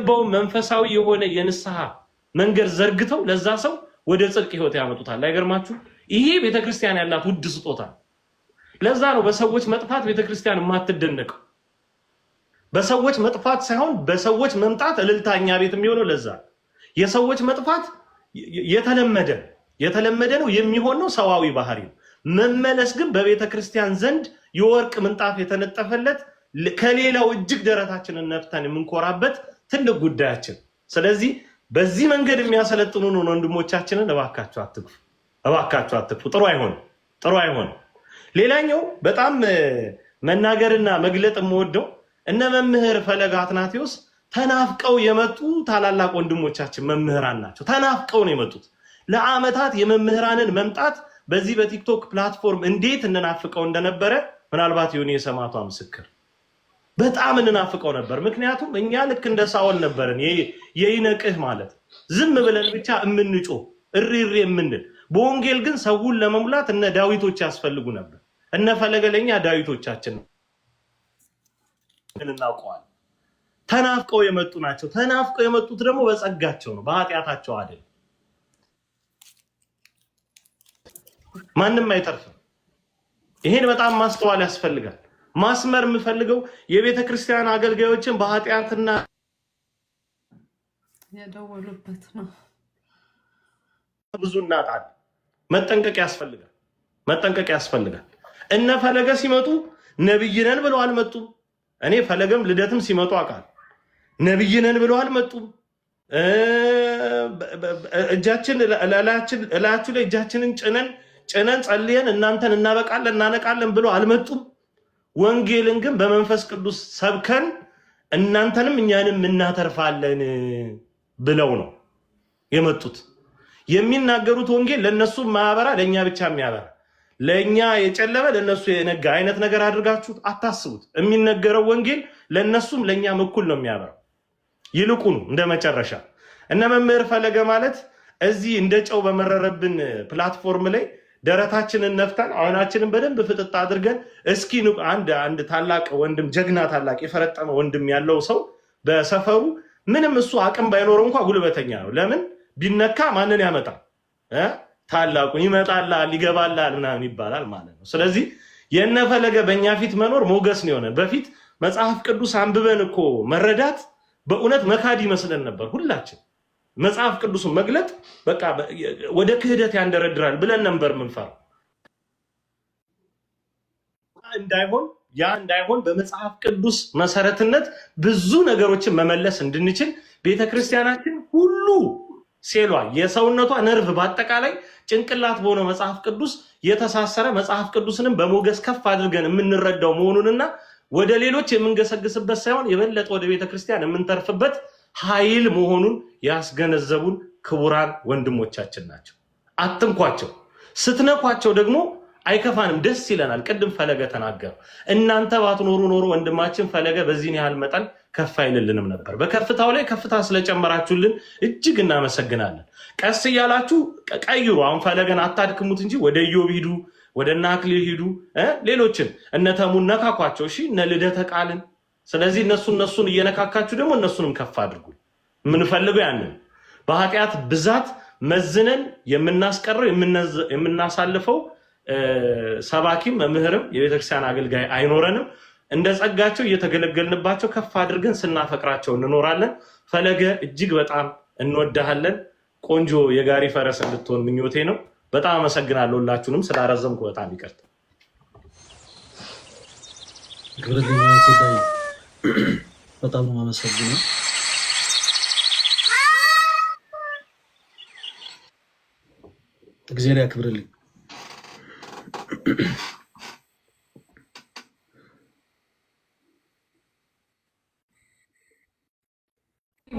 የሚገባው መንፈሳዊ የሆነ የንስሐ መንገድ ዘርግተው ለዛ ሰው ወደ ጽድቅ ህይወት ያመጡታል። አይገርማችሁ? ይሄ ቤተክርስቲያን ያላት ውድ ስጦታ። ለዛ ነው በሰዎች መጥፋት ቤተክርስቲያን የማትደነቀው። በሰዎች መጥፋት ሳይሆን በሰዎች መምጣት እልልታኛ ቤት የሚሆነው ለዛ የሰዎች መጥፋት የተለመደ የተለመደ ነው የሚሆን ነው ሰዋዊ ባህሪ ነው። መመለስ ግን በቤተክርስቲያን ዘንድ የወርቅ ምንጣፍ የተነጠፈለት ከሌላው እጅግ ደረታችንን ነፍተን የምንኮራበት ትልቅ ጉዳያችን። ስለዚህ በዚህ መንገድ የሚያሰለጥኑን ወንድሞቻችንን እባካችሁ አትግፉ፣ እባካችሁ አትግፉ። ጥሩ አይሆን፣ ጥሩ አይሆን። ሌላኛው በጣም መናገርና መግለጥ የምወደው እነ መምህር ፈለገ አትናቴዎስ ተናፍቀው የመጡ ታላላቅ ወንድሞቻችን መምህራን ናቸው። ተናፍቀው ነው የመጡት። ለአመታት የመምህራንን መምጣት በዚህ በቲክቶክ ፕላትፎርም እንዴት እንናፍቀው እንደነበረ ምናልባት የሆነ የሰማቷ ምስክር በጣም እንናፍቀው ነበር። ምክንያቱም እኛ ልክ እንደ ሳውል ነበርን። የይነቅህ ማለት ዝም ብለን ብቻ የምንጮህ እሪሪ የምንል በወንጌል ግን ሰውን ለመሙላት እነ ዳዊቶች ያስፈልጉ ነበር። እነ ፈለገለኛ ዳዊቶቻችን እናውቀዋል። ተናፍቀው የመጡ ናቸው። ተናፍቀው የመጡት ደግሞ በጸጋቸው ነው፣ በኃጢአታቸው አይደል። ማንም አይተርፍም። ይሄን በጣም ማስተዋል ያስፈልጋል። ማስመር የምፈልገው የቤተ ክርስቲያን አገልጋዮችን በኃጢአትና የደወሉበት ነው። ብዙ እናጣል። መጠንቀቅ ያስፈልጋል። መጠንቀቅ ያስፈልጋል። እነ ፈለገ ሲመጡ ነብይነን ብለው አልመጡም። እኔ ፈለገም ልደትም ሲመጡ አውቃል። ነብይነን ብለው አልመጡም። እጃችን እላያችሁ ላይ እጃችንን ጭነን ጭነን ጸልየን እናንተን እናበቃለን እናነቃለን ብሎ አልመጡም። ወንጌልን ግን በመንፈስ ቅዱስ ሰብከን እናንተንም እኛንም እናተርፋለን ብለው ነው የመጡት። የሚናገሩት ወንጌል ለእነሱ ማያበራ ለእኛ ብቻ የሚያበራ ለእኛ የጨለመ ለእነሱ የነጋ አይነት ነገር አድርጋችሁት አታስቡት። የሚነገረው ወንጌል ለእነሱም ለእኛም እኩል ነው የሚያበራው። ይልቁኑ እንደ መጨረሻ እነ መምህር ፈለገ ማለት እዚህ እንደ ጨው በመረረብን ፕላትፎርም ላይ ደረታችንን ነፍተን አይናችንን በደንብ ፍጥጥ አድርገን እስኪ አንድ አንድ ታላቅ ወንድም ጀግና ታላቅ የፈረጠመ ወንድም ያለው ሰው በሰፈሩ ምንም እሱ አቅም ባይኖረው እንኳ ጉልበተኛ ነው። ለምን ቢነካ ማንን ያመጣ? ታላቁን ይመጣላል፣ ይገባላል፣ ምናምን ይባላል ማለት ነው። ስለዚህ የነፈለገ በእኛ ፊት መኖር ሞገስ ነው የሆነ በፊት መጽሐፍ ቅዱስ አንብበን እኮ መረዳት በእውነት መካድ ይመስለን ነበር ሁላችን መጽሐፍ ቅዱስን መግለጥ በቃ ወደ ክህደት ያንደረድራል ብለን ነበር ምንፈር እንዳይሆን ያ እንዳይሆን በመጽሐፍ ቅዱስ መሰረትነት ብዙ ነገሮችን መመለስ እንድንችል ቤተ ክርስቲያናችን ሁሉ ሴሏ የሰውነቷ ነርቭ በአጠቃላይ ጭንቅላት በሆነው መጽሐፍ ቅዱስ የተሳሰረ መጽሐፍ ቅዱስንም በሞገስ ከፍ አድርገን የምንረዳው መሆኑንና ወደ ሌሎች የምንገሰግስበት ሳይሆን የበለጠ ወደ ቤተ ክርስቲያን የምንተርፍበት ኃይል መሆኑን ያስገነዘቡን ክቡራን ወንድሞቻችን ናቸው። አትንኳቸው። ስትነኳቸው ደግሞ አይከፋንም፣ ደስ ይለናል። ቅድም ፈለገ ተናገሩ። እናንተ ባትኖሩ ኖሮ ወንድማችን ፈለገ በዚህን ያህል መጠን ከፍ አይልልንም ነበር። በከፍታው ላይ ከፍታ ስለጨመራችሁልን እጅግ እናመሰግናለን። ቀስ እያላችሁ ቀይሩ። አሁን ፈለገን አታድክሙት እንጂ ወደ ኢዮብ ሂዱ፣ ወደ እነ አክሊል ሂዱ። ሌሎችን እነ ተሙን ነካኳቸው። እሺ እነ ልደተ ቃልን ስለዚህ እነሱ እነሱን እየነካካችሁ ደግሞ እነሱንም ከፍ አድርጉ። የምንፈልገው ያንን በኃጢአት ብዛት መዝነን የምናስቀረው የምናሳልፈው ሰባኪም መምህርም የቤተክርስቲያን አገልጋይ አይኖረንም። እንደ ጸጋቸው እየተገለገልንባቸው ከፍ አድርገን ስናፈቅራቸው እንኖራለን። ፈለገ እጅግ በጣም እንወዳሃለን። ቆንጆ የጋሪ ፈረስ እንድትሆን ምኞቴ ነው። በጣም አመሰግናለሁ። ሁላችሁንም ስላረዘምኩ በጣም ይቅርታ። በጣም ነው እግዚአብሔር ያክብርልኝ።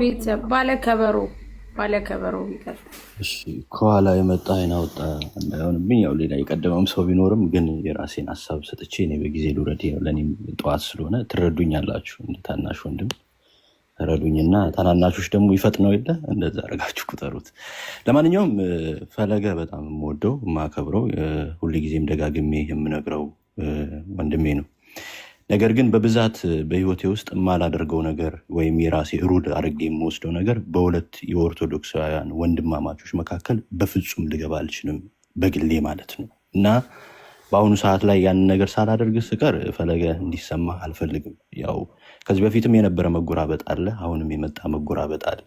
ቤተሰብ ባለ ከበሮ ባለ ከኋላ የመጣ አይን አወጣ እንዳይሆንብኝ፣ ያው ሌላ የቀደመም ሰው ቢኖርም ግን የራሴን ሀሳብ ሰጥቼ እኔ በጊዜ ልውረድ። ለእኔም ጠዋት ስለሆነ ትረዱኛላችሁ። እንደ ታናሽ ወንድም ረዱኝና ታናናሾች ደግሞ ይፈጥነው የለ እንደዛ አረጋችሁ ቁጠሩት። ለማንኛውም ፈለገ በጣም የምወደው የማከብረው ሁልጊዜም ደጋግሜ የምነግረው ወንድሜ ነው። ነገር ግን በብዛት በህይወቴ ውስጥ የማላደርገው ነገር ወይም የራሴ ሩል አድርጌ የምወስደው ነገር በሁለት የኦርቶዶክሳውያን ወንድማማቾች መካከል በፍጹም ልገባ አልችልም፣ በግሌ ማለት ነው እና በአሁኑ ሰዓት ላይ ያንን ነገር ሳላደርግ ስቀር ፈለገ እንዲሰማ አልፈልግም። ያው ከዚህ በፊትም የነበረ መጎራበጥ አለ፣ አሁንም የመጣ መጎራበጥ አለ።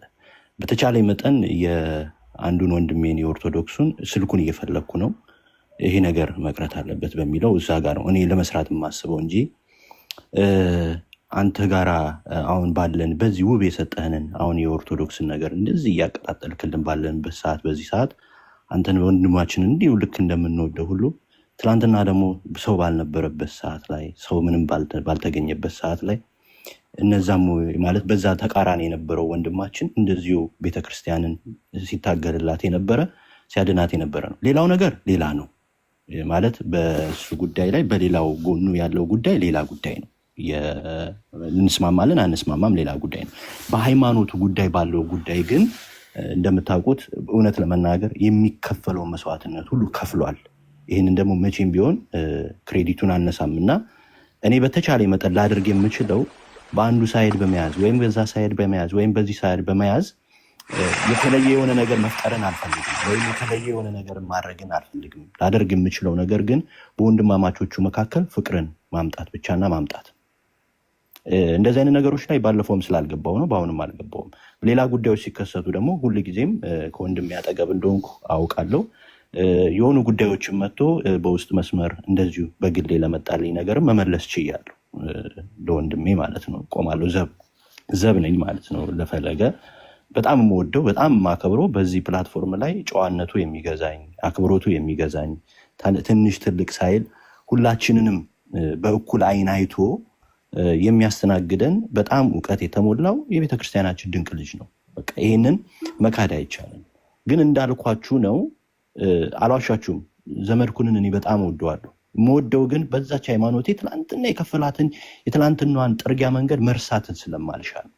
በተቻለ መጠን የአንዱን ወንድሜን የኦርቶዶክሱን ስልኩን እየፈለግኩ ነው። ይሄ ነገር መቅረት አለበት በሚለው እዛ ጋር ነው እኔ ለመስራት የማስበው እንጂ አንተ ጋራ አሁን ባለን በዚህ ውብ የሰጠህንን አሁን የኦርቶዶክስን ነገር እንደዚህ እያቀጣጠልክልን ባለንበት ሰዓት በዚህ ሰዓት አንተን ወንድማችን እንዲሁ ልክ እንደምንወደው ሁሉ ትናንትና ደግሞ ሰው ባልነበረበት ሰዓት ላይ ሰው ምንም ባልተገኘበት ሰዓት ላይ እነዛም ማለት በዛ ተቃራኒ የነበረው ወንድማችን እንደዚሁ ቤተክርስቲያንን ሲታገልላት የነበረ ሲያድናት የነበረ ነው። ሌላው ነገር ሌላ ነው። ማለት በሱ ጉዳይ ላይ በሌላው ጎኑ ያለው ጉዳይ ሌላ ጉዳይ ነው። እንስማማለን አንስማማም ሌላ ጉዳይ ነው። በሃይማኖቱ ጉዳይ ባለው ጉዳይ ግን እንደምታውቁት እውነት ለመናገር የሚከፈለው መስዋዕትነት ሁሉ ከፍሏል። ይህንን ደግሞ መቼም ቢሆን ክሬዲቱን አነሳም እና እኔ በተቻለ መጠን ላድርግ የምችለው በአንዱ ሳይድ በመያዝ ወይም በዛ ሳይድ በመያዝ ወይም በዚህ ሳይድ በመያዝ የተለየ የሆነ ነገር መፍጠርን አልፈልግም፣ ወይም የተለየ የሆነ ነገር ማድረግን አልፈልግም። ላደርግ የምችለው ነገር ግን በወንድማማቾቹ መካከል ፍቅርን ማምጣት ብቻና ማምጣት እንደዚህ አይነት ነገሮች ላይ ባለፈውም ስላልገባው ነው፣ በአሁንም አልገባውም። ሌላ ጉዳዮች ሲከሰቱ ደግሞ ጊዜም ከወንድሜ አጠገብ እንደሆንኩ አውቃለሁ። የሆኑ ጉዳዮችን መጥቶ በውስጥ መስመር እንደዚሁ በግሌ ለመጣልኝ ነገርም መመለስ ችያለሁ። ለወንድሜ ማለት ነው። ቆማለሁ። ዘብ ዘብ ነኝ ማለት ነው ለፈለገ በጣም የምወደው በጣም የማከብረው በዚህ ፕላትፎርም ላይ ጨዋነቱ የሚገዛኝ አክብሮቱ የሚገዛኝ ትንሽ ትልቅ ሳይል ሁላችንንም በእኩል አይን አይቶ የሚያስተናግደን በጣም እውቀት የተሞላው የቤተክርስቲያናችን ድንቅ ልጅ ነው። በቃ ይህንን መካድ አይቻልም። ግን እንዳልኳችሁ ነው፣ አልዋሻችሁም። ዘመድኩንን እኔ በጣም ወደዋለሁ። የምወደው ግን በዛች ሃይማኖት የትላንትና የከፈላትን የትናንትናዋን ጥርጊያ መንገድ መርሳትን ስለማልሻል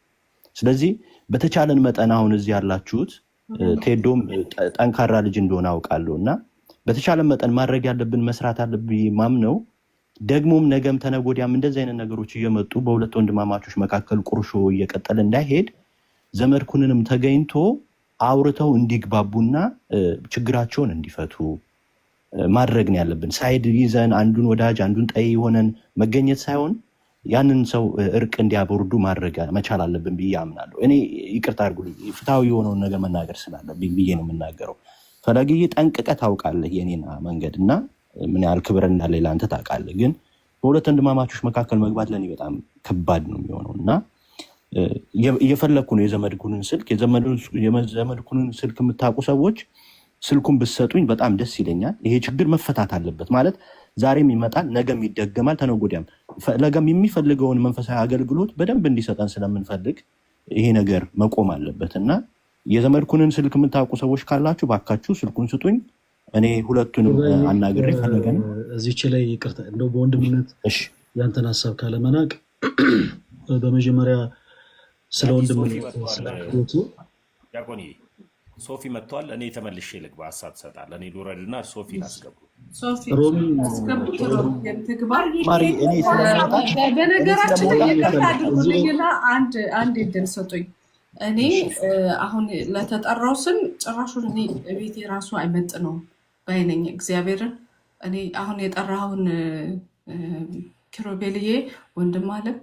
ስለዚህ በተቻለን መጠን አሁን እዚህ ያላችሁት ቴዶም ጠንካራ ልጅ እንደሆነ አውቃለሁ እና በተቻለን መጠን ማድረግ ያለብን መስራት አለብን ማምነው ደግሞም ነገም ተነጎዲያም እንደዚህ አይነት ነገሮች እየመጡ በሁለት ወንድማማቾች መካከል ቁርሾ እየቀጠለ እንዳይሄድ ዘመድኩንንም ተገኝቶ አውርተው እንዲግባቡና ችግራቸውን እንዲፈቱ ማድረግ ነው ያለብን። ሳይድ ይዘን አንዱን ወዳጅ አንዱን ጠይ ሆነን መገኘት ሳይሆን ያንን ሰው እርቅ እንዲያበርዱ ማድረግ መቻል አለብን ብዬ አምናለሁ። እኔ ይቅርታ አድርጉልኝ፣ ፍትሐዊ የሆነውን ነገር መናገር ስላለብኝ ብዬ ነው የምናገረው። ፈለግዬ ጠንቅቀ ታውቃለህ የኔን መንገድ እና ምን ያህል ክብር እንዳለ ለአንተ ታውቃለህ። ግን በሁለት ወንድማማቾች መካከል መግባት ለእኔ በጣም ከባድ ነው የሚሆነው እና እየፈለግኩ ነው የዘመድኩንን ስልክ የዘመድኩንን ስልክ የምታውቁ ሰዎች ስልኩን ብሰጡኝ በጣም ደስ ይለኛል። ይሄ ችግር መፈታት አለበት ማለት ዛሬም ይመጣል፣ ነገም ይደገማል፣ ተነጎዳም ነገም የሚፈልገውን መንፈሳዊ አገልግሎት በደንብ እንዲሰጠን ስለምንፈልግ ይሄ ነገር መቆም አለበት እና የዘመድኩንን ስልክ የምታውቁ ሰዎች ካላችሁ ባካችሁ ስልኩን ስጡኝ። እኔ ሁለቱንም አናግሬ ፈለገን እዚች ላይ ይቅርታ እንደው በወንድምነት ያንተን ሀሳብ ካለመናቅ በመጀመሪያ ስለ ወንድምነት ስለ ሶፊ መጥቷል። እኔ ተመልሼ ልግባ። ሀሳብ ትሰጣል። እኔ ሉረድ እና ሶፊ አስገቡ። በነገራችን ላይ የቀርታ አንድ ድል ሰጡኝ። እኔ አሁን ለተጠራው ስም ጭራሹን እኔ ቤቴ ራሱ አይመጥ ነው ባይነኝ እግዚአብሔርን እኔ አሁን የጠራውን ኪሮቤልዬ ወንድም አለም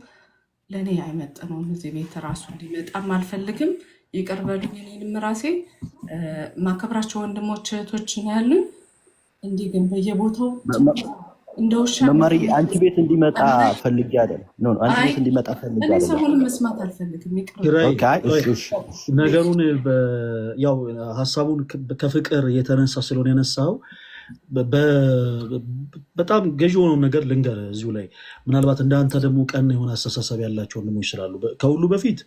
ለእኔ ነው እዚህ ቤት ራሱ እንዲመጣም አልፈልግም። ይቅር በሉኝ። እኔንም ራሴ ማከብራቸው ወንድሞች እህቶች ነው ያሉኝ። እንዲህ ግን በየቦታው እንደውሻ መማሪ አንቺ ቤት እንዲመጣ ፈልጌ አይደለም። አንቺ ቤት እንዲመጣ ፈልጌ አይደለም። ሰሞኑን መስማት አልፈልግም። ነገሩን ያው ሀሳቡን ከፍቅር የተነሳ ስለሆነ የነሳው በጣም ገዢ የሆነው ነገር ልንገር እዚሁ ላይ ምናልባት እንዳንተ ደግሞ ቀና የሆነ አስተሳሰብ ያላቸው ወንድሞች ስላሉ ከሁሉ በፊት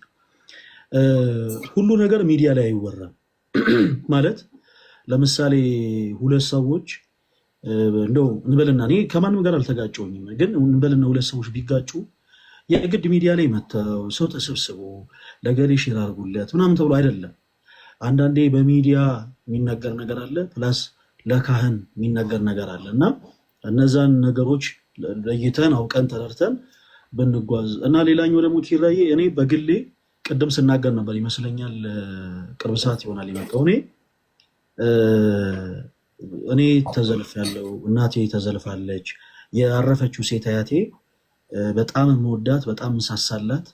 ሁሉ ነገር ሚዲያ ላይ አይወራም ማለት ለምሳሌ ሁለት ሰዎች እንደው እንበልና እኔ ከማንም ጋር አልተጋጨውኝም፣ ግን እንበልና ሁለት ሰዎች ቢጋጩ የግድ ሚዲያ ላይ መጥተው ሰው ተሰብስቦ ለገሌ ሼር አድርጉለት ምናምን ተብሎ አይደለም። አንዳንዴ በሚዲያ የሚነገር ነገር አለ፣ ፕላስ ለካህን የሚነገር ነገር አለ እና እነዛን ነገሮች ለይተን አውቀን ተረድተን ብንጓዝ እና ሌላኛው ደግሞ ኪራዬ እኔ በግሌ ቅድም ስናገር ነበር ይመስለኛል፣ ቅርብ ሰዓት ይሆናል ይመጣው። እኔ እኔ ተዘልፌያለሁ፣ እናቴ ተዘልፋለች። ያረፈችው ሴት አያቴ በጣም የምወዳት በጣም የምሳሳላት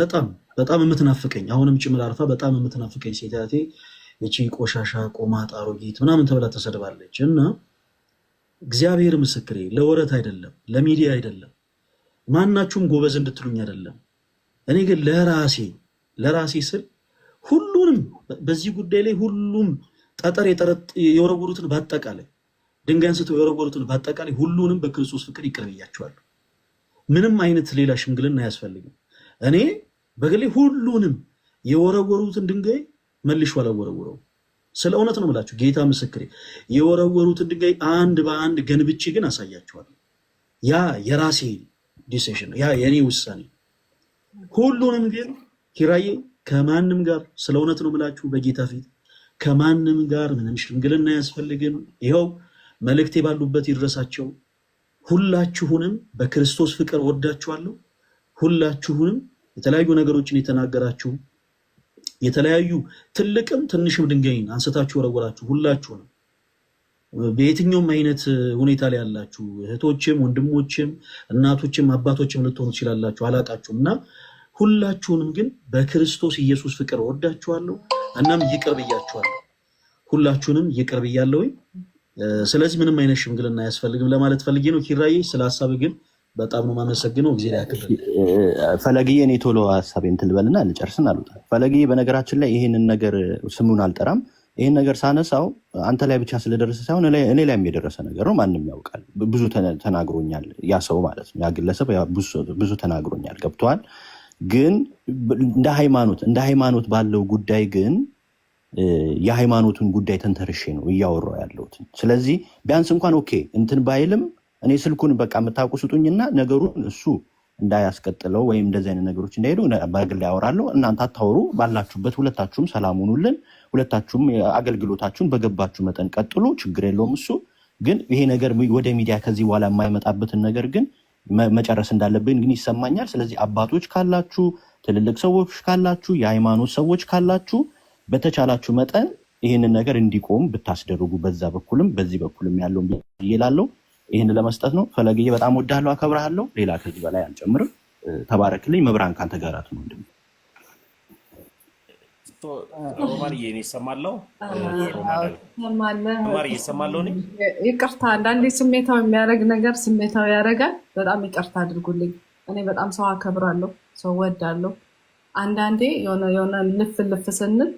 በጣም በጣም የምትናፍቀኝ አሁንም ጭምር አርፋ በጣም የምትናፍቀኝ ሴት አያቴ እቺ ቆሻሻ ቆማጣ አሮጊት ምናምን ተብላ ተሰድባለች እና እግዚአብሔር ምስክሬ፣ ለወረት አይደለም ለሚዲያ አይደለም ማናችሁም ጎበዝ እንድትሉኝ አይደለም። እኔ ግን ለራሴ ለራሴ ስል ሁሉንም በዚህ ጉዳይ ላይ ሁሉም ጠጠር የወረወሩትን በአጠቃላይ ድንጋይ አንስተው የወረወሩትን በአጠቃላይ ሁሉንም በክርስቶስ ፍቅር ይቅር ብያቸዋለሁ። ምንም አይነት ሌላ ሽምግልና አያስፈልግም። እኔ በግሌ ሁሉንም የወረወሩትን ድንጋይ መልሼ አላወረውረው። ስለ እውነት ነው የምላችሁ፣ ጌታ ምስክሬ። የወረወሩትን ድንጋይ አንድ በአንድ ገንብቼ ግን አሳያቸዋለሁ። ያ የራሴ ዲሲሽን፣ ያ የኔ ውሳኔ። ሁሉንም ግን ኪራዬ ከማንም ጋር ስለ እውነት ነው የምላችሁ በጌታ ፊት ከማንም ጋር ምንም ሽምግልና አያስፈልግም። ይኸው መልእክቴ ባሉበት ይድረሳቸው። ሁላችሁንም በክርስቶስ ፍቅር ወዳችኋለሁ። ሁላችሁንም የተለያዩ ነገሮችን የተናገራችሁ የተለያዩ ትልቅም ትንሽም ድንጋይን አንስታችሁ ወረወራችሁ። ሁላችሁንም በየትኛውም አይነት ሁኔታ ላይ ያላችሁ እህቶችም፣ ወንድሞችም፣ እናቶችም አባቶችም ልትሆኑ ትችላላችሁ። አላቃችሁም እና ሁላችሁንም ግን በክርስቶስ ኢየሱስ ፍቅር ወዳችኋለሁ። እናም ይቅር ብያችኋለሁ። ሁላችሁንም ይቅር ብያለሁኝ። ስለዚህ ምንም አይነት ሽምግልና አያስፈልግም ለማለት ፈልጌ ነው። ኪራዬ ስለ ሀሳብ ግን በጣም ነው የማመሰግነው። ጊዜ ያክል ፈለግዬ፣ እኔ ቶሎ ሀሳቤን ትልበልና ልጨርስን አሉ ፈለግዬ። በነገራችን ላይ ይህንን ነገር ስሙን አልጠራም ይህን ነገር ሳነሳው አንተ ላይ ብቻ ስለደረሰ ሳይሆን እኔ ላይም የደረሰ ነገር ነው። ማንም ያውቃል። ብዙ ተናግሮኛል፣ ያ ሰው ማለት ነው፣ ያ ግለሰብ ብዙ ተናግሮኛል። ገብተዋል። ግን እንደ ሃይማኖት እንደ ሃይማኖት ባለው ጉዳይ ግን የሃይማኖቱን ጉዳይ ተንተርሼ ነው እያወራሁ ያለሁት። ስለዚህ ቢያንስ እንኳን ኦኬ እንትን ባይልም እኔ ስልኩን በቃ የምታውቁ ስጡኝና ነገሩን እሱ እንዳያስቀጥለው ወይም እንደዚህ አይነት ነገሮች እንዳይሄዱ በግል ያወራለሁ። እናንተ አታወሩ፣ ባላችሁበት ሁለታችሁም ሰላም ሁኑልን። ሁለታችሁም አገልግሎታችሁን በገባችሁ መጠን ቀጥሎ ችግር የለውም። እሱ ግን ይሄ ነገር ወደ ሚዲያ ከዚህ በኋላ የማይመጣበትን ነገር ግን መጨረስ እንዳለብን ግን ይሰማኛል። ስለዚህ አባቶች ካላችሁ፣ ትልልቅ ሰዎች ካላችሁ፣ የሃይማኖት ሰዎች ካላችሁ በተቻላችሁ መጠን ይህንን ነገር እንዲቆም ብታስደርጉ በዛ በኩልም በዚህ በኩልም ያለውን ይላለው ይህን ለመስጠት ነው። ፈለግዬ በጣም ወዳለው አከብረሃለው። ሌላ ከዚህ በላይ አንጨምርም። ተባረክልኝ። መብራን ካንተ ነው ትሆንድም ሮማርዬ እሰማለሁ ሮማርዬ እሰማለሁ። ይቅርታ አንዳንዴ ስሜታዊ የሚያደርግ ነገር ስሜታዊ ያደርጋል። በጣም ይቅርታ አድርጉልኝ። እኔ በጣም ሰው አከብራለሁ፣ ሰው ወዳለሁ። አንዳንዴ የሆነ የሆነ ልፍ ልፍ ስንል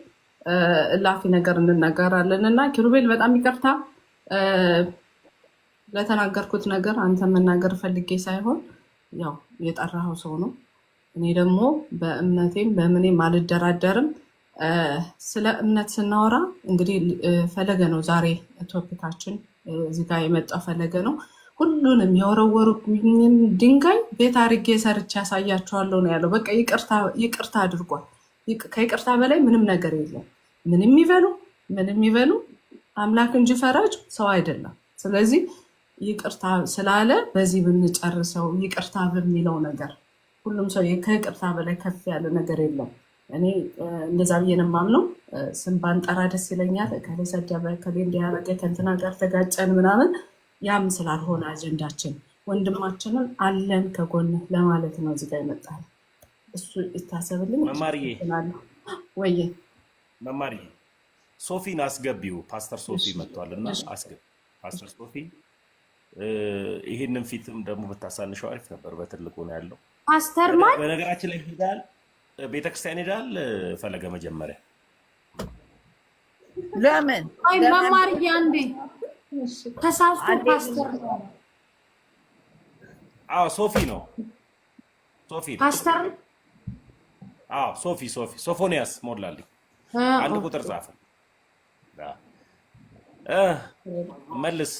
እላፊ ነገር እንናገራለን እና ኪሩቤል በጣም ይቅርታ ለተናገርኩት ነገር አንተ መናገር ፈልጌ ሳይሆን ያው የጠራኸው ሰው ነው። እኔ ደግሞ በእምነቴም በምኔም አልደራደርም። ስለ እምነት ስናወራ እንግዲህ ፈለገ ነው ዛሬ ቶፒካችን። እዚህ ጋር የመጣው ፈለገ ነው። ሁሉንም የወረወሩብኝን ድንጋይ ቤት አድርጌ ሰርቼ ያሳያችኋለሁ ነው ያለው። በቃ ይቅርታ አድርጓል። ከይቅርታ በላይ ምንም ነገር የለም። ምንም ይበሉ ምንም ይበሉ አምላክ እንጂ ፈራጅ ሰው አይደለም። ስለዚህ ይቅርታ ስላለ በዚህ ብንጨርሰው፣ ይቅርታ በሚለው ነገር ሁሉም ሰው ከይቅርታ በላይ ከፍ ያለ ነገር የለም። እኔ እንደዛ ብዬ ነው የማምነው። ስም ባንጠራ ደስ ይለኛል። ከሌ ሰደበ፣ ከሌ እንዲያረገ፣ ከእንትና ጋር ተጋጨን ምናምን፣ ያም ስላልሆነ አጀንዳችን ወንድማችንን አለን ከጎን ለማለት ነው እዚጋ ይመጣል። እሱ ይታሰብልኝ። ወይ መማሪ ሶፊን አስገቢው። ፓስተር ሶፊ መጥቷል እና አስገቢ ፓስተር ሶፊ ይህንን ፊትም ደግሞ ብታሳንሸው አሪፍ ነበር። በትልቁ ነው ያለው ፓስተር ማን በነገራችን ላይ ይሄዳል ቤተክርስቲያን ሄዳል። ፈለገ መጀመሪያ ለምን አይ መማር ያንዴ ተሳስቶ ፓስተር ነው። አዎ ሶፊ ነው ሶፊ ፓስተር አዎ ሶፊ ሶፊ ሶፎንያስ ሞላልኝ አንድ ቁጥር ጻፈ። መልስ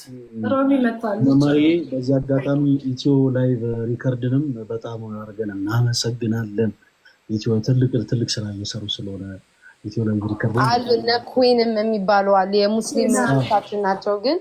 ሮሚ መጥቷል። መማሪዬ በዚህ አጋጣሚ ኢትዮ ላይቭ ሪከርድንም በጣም አድርገን እናመሰግናለን። ኢትዮን ትልቅ ትልቅ ስራ እየሰሩ ስለሆነ ኢትዮን እንግዲህ አሉ እነ ኩዊንም የሚባሉ አሉ የሙስሊም ናቸው ግን